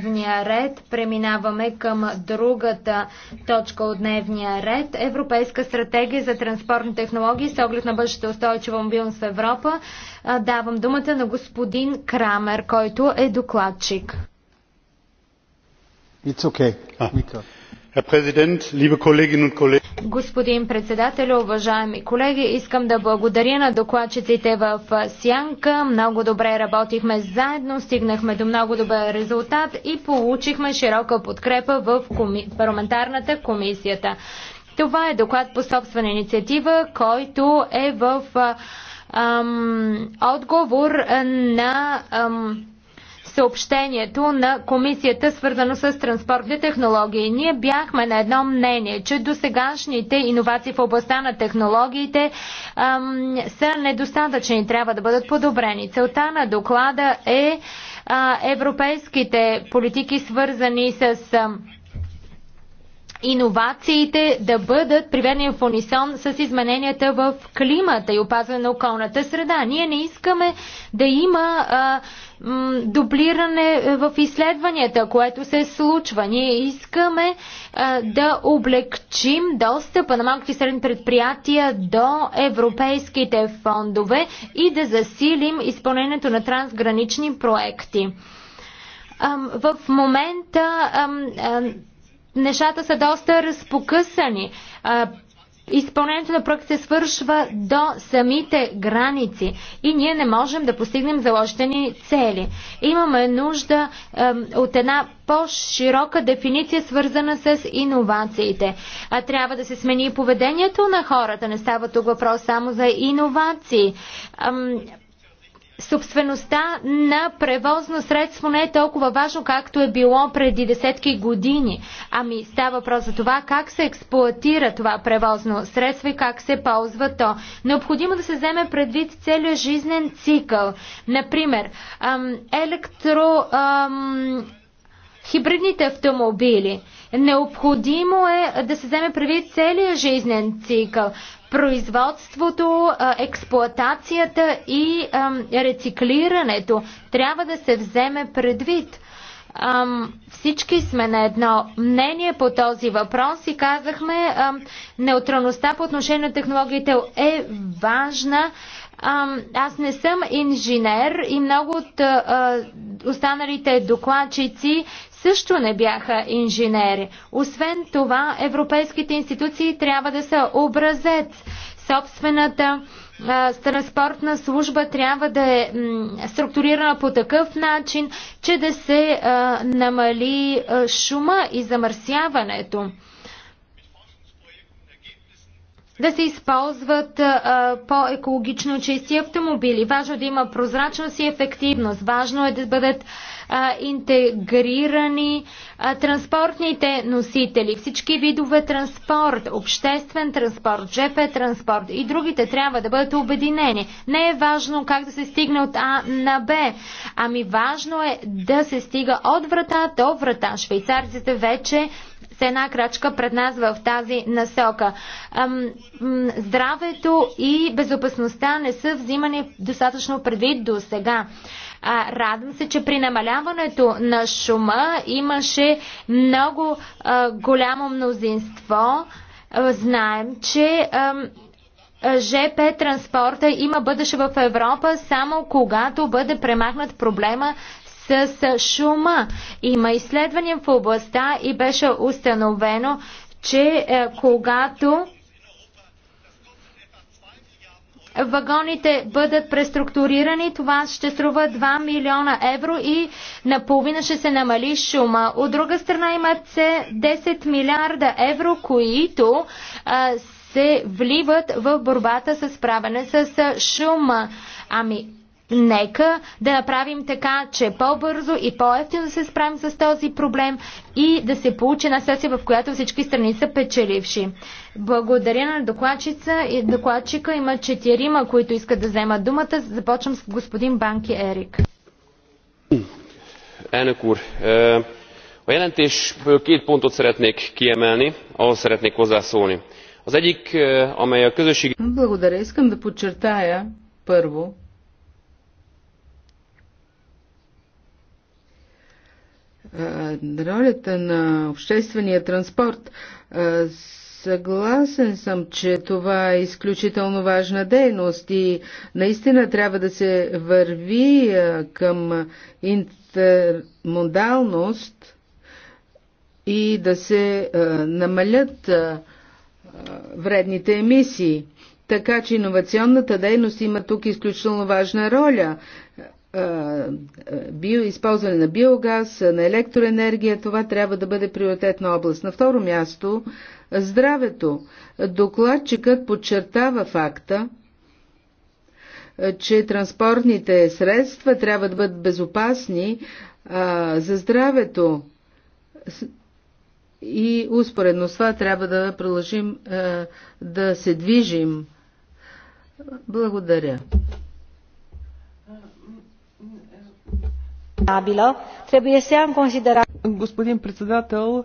дневния ред. Преминаваме към другата точка от дневния ред. Европейска стратегия за транспортни технологии с оглед на бъдещата устойчива мобилност в Европа. Давам думата на господин Крамер, който е докладчик. It's okay. Ah. Господин председател, уважаеми колеги, искам да благодаря на докладчиците в Сянка. Много добре работихме заедно, стигнахме до много добър резултат и получихме широка подкрепа в коми... парламентарната комисията. Това е доклад по собствена инициатива, който е в ам, отговор на ам, съобщението на комисията, свързано с транспортни технологии. Ние бяхме на едно мнение, че досегашните иновации в областта на технологиите ам, са недостатъчни и трябва да бъдат подобрени. Целта на доклада е а, европейските политики, свързани с. Ам, иновациите да бъдат приведени в унисон с измененията в климата и опазване на околната среда. Ние не искаме да има а, м, дублиране е, в изследванията, което се случва. Ние искаме а, да облегчим достъпа на малките и средни предприятия до европейските фондове и да засилим изпълнението на трансгранични проекти. А, в момента а, нещата са доста разпокъсани. Изпълнението на проект се свършва до самите граници и ние не можем да постигнем заложени ни цели. Имаме нужда е, от една по-широка дефиниция, свързана с иновациите. А трябва да се смени и поведението на хората. Не става тук въпрос само за иновации. Е, собствеността на превозно средство не е толкова важно, както е било преди десетки години. Ами става въпрос за това как се експлуатира това превозно средство и как се ползва то. Необходимо да се вземе предвид целият жизнен цикъл. Например, електро... хибридните автомобили. Необходимо е да се вземе предвид целият жизнен цикъл производството, експлоатацията и рециклирането трябва да се вземе предвид. Всички сме на едно мнение по този въпрос и казахме, неутралността по отношение на технологиите е важна. Аз не съм инженер и много от останалите докладчици също не бяха инженери. Освен това, европейските институции трябва да са образец. Собствената транспортна служба трябва да е структурирана по такъв начин, че да се намали шума и замърсяването да се използват по-екологично чисти автомобили. Важно е да има прозрачност и ефективност. Важно е да бъдат а, интегрирани а, транспортните носители. Всички видове транспорт, обществен транспорт, ЖП транспорт и другите трябва да бъдат обединени. Не е важно как да се стигне от А на Б, ами важно е да се стига от врата до врата. Швейцарците вече с една крачка пред нас в тази насока. Здравето и безопасността не са взимани достатъчно предвид до сега. А, радвам се, че при намаляването на шума имаше много а, голямо мнозинство. А, знаем, че а, ЖП транспорта има бъдеще в Европа само когато бъде премахнат проблема с шума. Има изследвания в областта и беше установено, че е, когато вагоните бъдат преструктурирани, това ще струва 2 милиона евро и наполовина ще се намали шума. От друга страна имат се 10 милиарда евро, които а, се вливат в борбата с правене с шума. Ами, Нека да направим така, че по-бързо и по-ефтино да се справим с този проблем и да се получи една сесия, в която всички страни са печеливши. Благодаря на докладчица и докладчика. Има четирима, които искат да вземат думата. Започвам с господин Банки Ерик. Elnök úr, е, a jelentésből két pontot szeretnék kiemelni, ahhoz szeretnék hozzászólni. Az egyik, е, amely a közösségi... Благодаря. Искам да подчертая първо, Е, ролята на обществения транспорт. Е, съгласен съм, че това е изключително важна дейност и наистина трябва да се върви е, към интермодалност и да се намалят вредните емисии. Така че иновационната дейност има тук изключително важна роля био, използване на биогаз, на електроенергия, това трябва да бъде приоритетна област. На второ място, здравето. Докладчикът подчертава факта, че транспортните средства трябва да бъдат безопасни а, за здравето и успоредно с това трябва да продължим а, да се движим. Благодаря. trebuie să ia în considerare господин председател, е,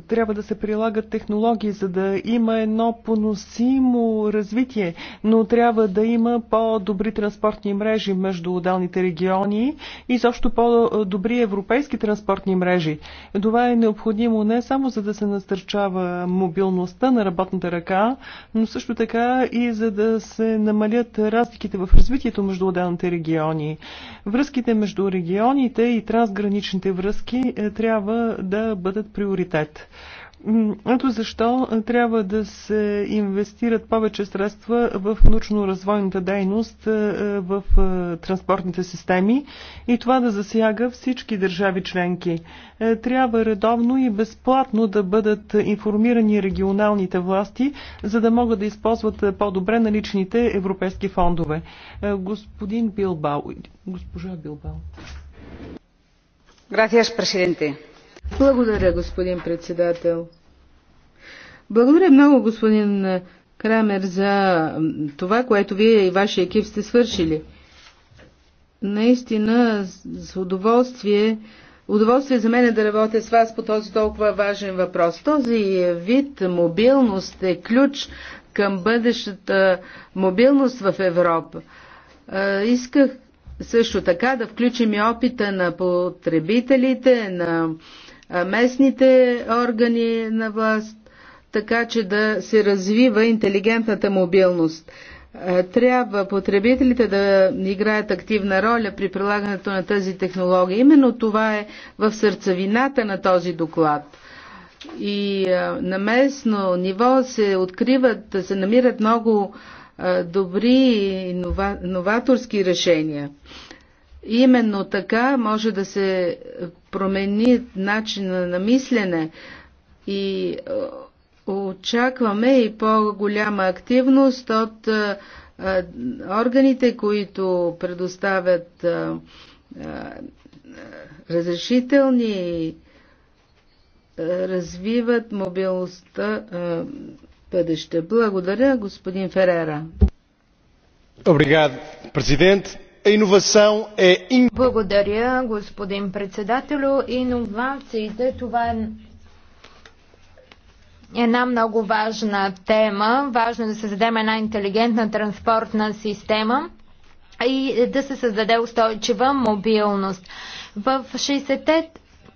трябва да се прилагат технологии, за да има едно поносимо развитие, но трябва да има по-добри транспортни мрежи между отдалните региони и също по-добри европейски транспортни мрежи. Това е необходимо не само за да се насърчава мобилността на работната ръка, но също така и за да се намалят разликите в развитието между отделните региони. Връзките между регионите и трансграничните връзки е, трябва да бъдат приоритет. Ето защо трябва да се инвестират повече средства в научно-развойната дейност е, в е, транспортните системи и това да засяга всички държави членки. Е, трябва редовно и безплатно да бъдат информирани регионалните власти, за да могат да използват по-добре наличните европейски фондове. Господин Билбао, госпожа Билбао. Благодаря, господин председател. Благодаря много, господин Крамер, за това, което вие и вашия екип сте свършили. Наистина, с удоволствие, удоволствие за мен е да работя с вас по този толкова важен въпрос. Този вид мобилност е ключ към бъдещата мобилност в Европа. Е, исках също така да включим и опита на потребителите, на местните органи на власт, така че да се развива интелигентната мобилност. Трябва потребителите да играят активна роля при прилагането на тази технология. Именно това е в сърцевината на този доклад и на местно ниво се откриват, се намират много добри нова, новаторски решения. Именно така може да се промени начина на мислене и очакваме и по-голяма активност от органите, които предоставят разрешителни развиват мобилността бъдеще. Благодаря, господин Ферера. Благодаря, господин председателю. Иновациите, това е една много важна тема. Важно е да създадем една интелигентна транспортна система и да се създаде устойчива мобилност. В 60-те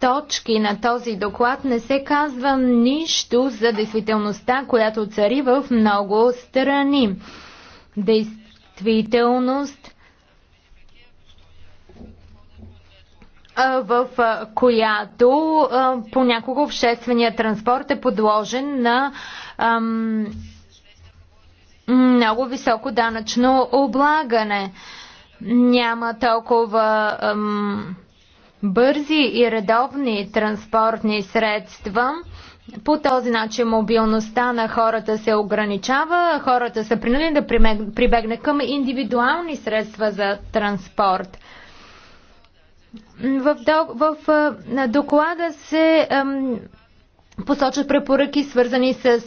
точки на този доклад не се казва нищо за действителността, която цари в много страни. Действителност, в която понякога обществения транспорт е подложен на ам, много високо данъчно облагане. Няма толкова ам, бързи и редовни транспортни средства. По този начин мобилността на хората се ограничава, хората са принудени да прибегнат към индивидуални средства за транспорт. В, в, в на доклада се посочат препоръки, свързани с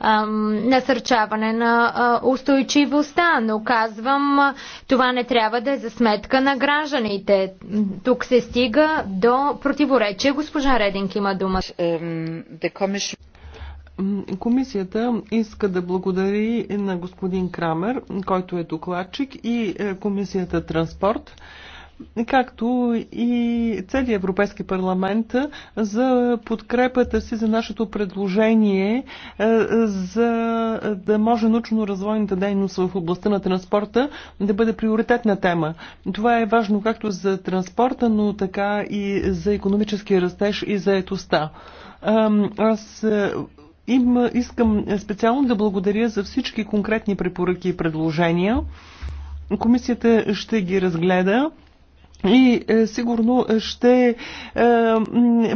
ам, насърчаване на а, устойчивостта, но казвам, това не трябва да е за сметка на гражданите. Тук се стига до противоречие. Госпожа Рединг има дума. Комисията иска да благодари на господин Крамер, който е докладчик, и е, Комисията Транспорт както и целият Европейски парламент за подкрепата си за нашето предложение за да може научно-развойната дейност в областта на транспорта да бъде приоритетна тема. Това е важно както за транспорта, но така и за економическия растеж и за етоста. Аз им искам специално да благодаря за всички конкретни препоръки и предложения. Комисията ще ги разгледа и е, сигурно ще е,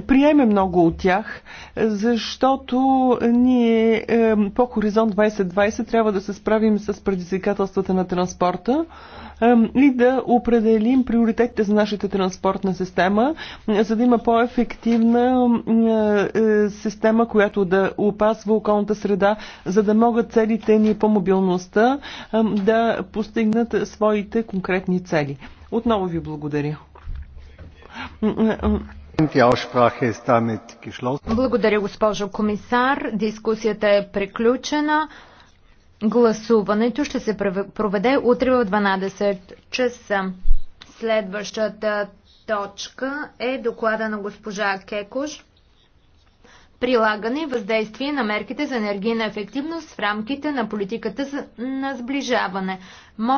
приеме много от тях, защото ние е, по Хоризонт 2020 трябва да се справим с предизвикателствата на транспорта е, и да определим приоритетите за нашата транспортна система, за да има по-ефективна е, е, система, която да опазва околната среда, за да могат целите ни по мобилността да постигнат своите конкретни цели. Отново ви благодаря. Благодаря, госпожо комисар. Дискусията е приключена. Гласуването ще се проведе утре в 12 часа. Следващата точка е доклада на госпожа Кекош. Прилагане и въздействие на мерките за енергийна ефективност в рамките на политиката на сближаване.